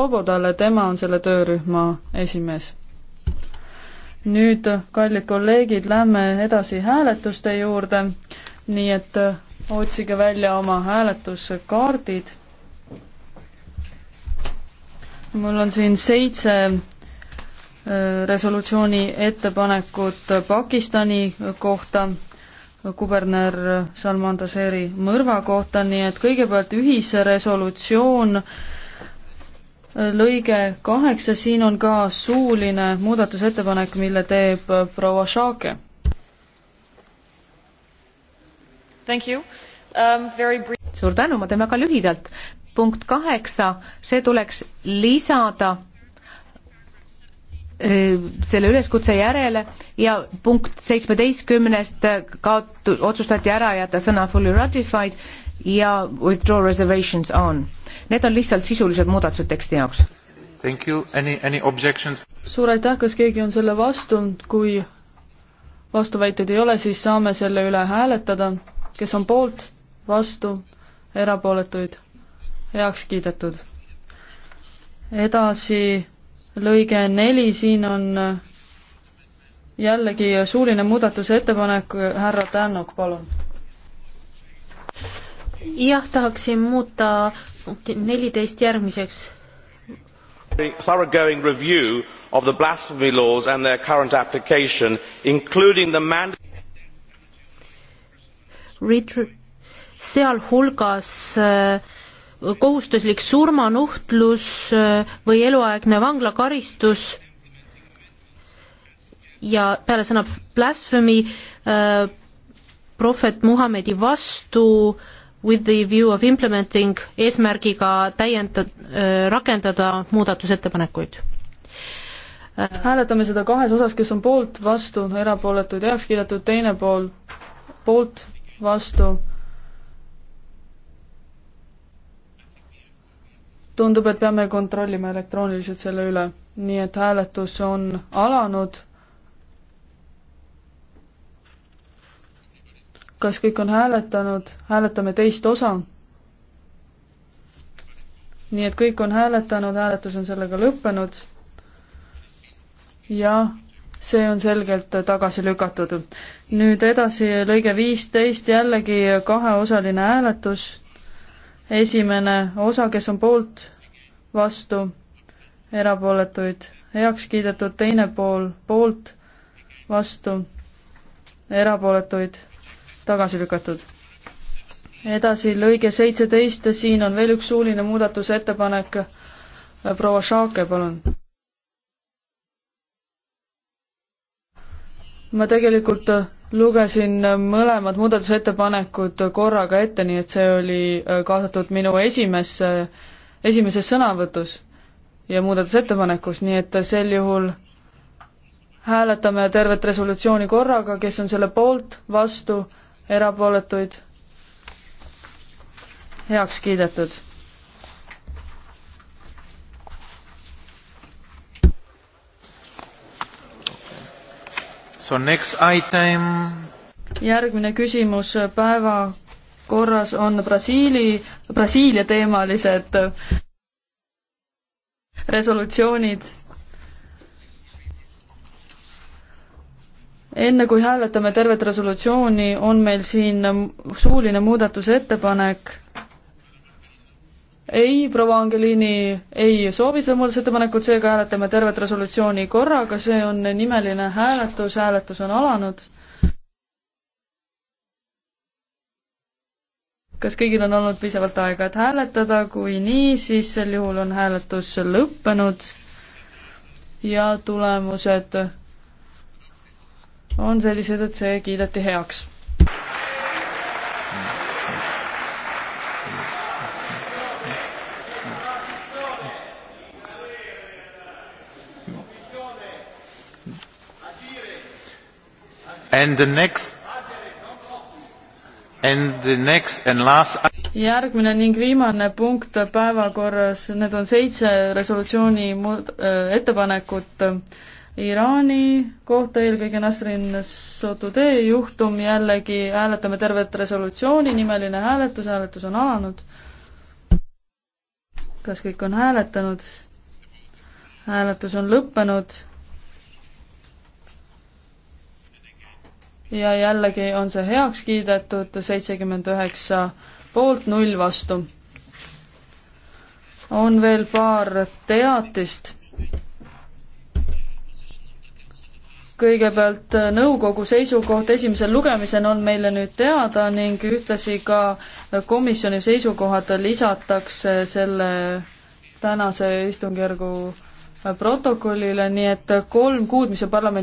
Obodale, tema on selle töörühma esimees. nüüd, kallid kolleegid, lähme edasi hääletuste juurde, nii et äh, otsige välja oma hääletuskaardid. mul on siin seitse äh, resolutsiooni ettepanekut Pakistani kohta, kuberner Salman Taseeri mõrva kohta, nii et kõigepealt ühisresolutsioon lõige kaheksa, siin on ka suuline muudatusettepanek, mille teeb proua Šaake. Um, suur tänu, ma teen väga lühidalt. punkt kaheksa, see tuleks lisada äh, selle üleskutse järele ja punkt seitsmeteistkümnest kaot-, otsustati ära jätta sõna fully ratified ja withdraw reservations on. Need on lihtsalt sisulised muudatused teksti jaoks. Any, any objections? suur aitäh, kas keegi on selle vastu, kui vastuväiteid ei ole, siis saame selle üle hääletada, kes on poolt, vastu, erapooletuid, heaks kiidetud. edasi lõige neli, siin on jällegi suuline muudatusettepanek, härra Tännok, palun jah, tahaksin muuta punkti neliteist järgmiseks. Thoroughgoing review of the blasphemy laws and their current application, including the man-. sealhulgas äh, kohustuslik surmanuhtlus äh, või eluaegne vanglakaristus ja peale sõna blasphemy äh, prohvet Muhamedi vastu äh, with the view of implementing eesmärgiga täienda-, äh, rakendada muudatusettepanekuid. Äh, hääletame seda kahes osas, kes on poolt, vastu, erapooletuid heaks kiidetud, teine pool poolt, vastu. tundub, et peame kontrollima elektrooniliselt selle üle, nii et hääletus on alanud kas kõik on hääletanud, hääletame teist osa. nii et kõik on hääletanud, hääletus on sellega lõppenud. ja see on selgelt tagasi lükatud. nüüd edasi lõige viisteist, jällegi kaheosaline hääletus. esimene osa, kes on poolt, vastu, erapooletuid heaks kiidetud, teine pool poolt, vastu, erapooletuid tagasi lükatud. edasi lõige seitseteist, siin on veel üks suuline muudatusettepanek. proua Šaake, palun. ma tegelikult lugesin mõlemad muudatusettepanekud korraga ette, nii et see oli kaasatud minu esimesse, esimeses sõnavõtus ja muudatusettepanekus, nii et sel juhul hääletame tervet resolutsiooni korraga, kes on selle poolt, vastu, erapooletuid, heaks kiidetud. So next item. järgmine küsimus päevakorras on Brasiili, Brasiilia teemalised resolutsioonid enne kui hääletame tervet resolutsiooni, on meil siin suuline muudatusettepanek. ei, proua Angelini ei soovi seda muudatusettepanekut, seega hääletame tervet resolutsiooni korraga, see on nimeline hääletus, hääletus on alanud. kas kõigil on olnud piisavalt aega, et hääletada, kui nii, siis sel juhul on hääletus lõppenud ja tulemused on sellised, et see kiideti heaks. And the next and the next and last järgmine ning viimane punkt päevakorras, need on seitse resolutsiooni muud, äh, ettepanekut äh, Iraani kohta, eelkõige Nasrin Sotudee juhtum, jällegi hääletame tervet resolutsiooni, nimeline hääletus, hääletus on alanud. kas kõik on hääletanud? hääletus on lõppenud. ja jällegi on see heaks kiidetud, seitsekümmend üheksa poolt, null vastu. on veel paar teatist kõigepealt äh, nõukogu seisukoht esimesel lugemisel on meile nüüd teada ning ühtlasi ka äh, komisjoni seisukohad lisatakse selle tänase istungjärgu äh, protokollile, nii et kolm kuud, mis on parlamendi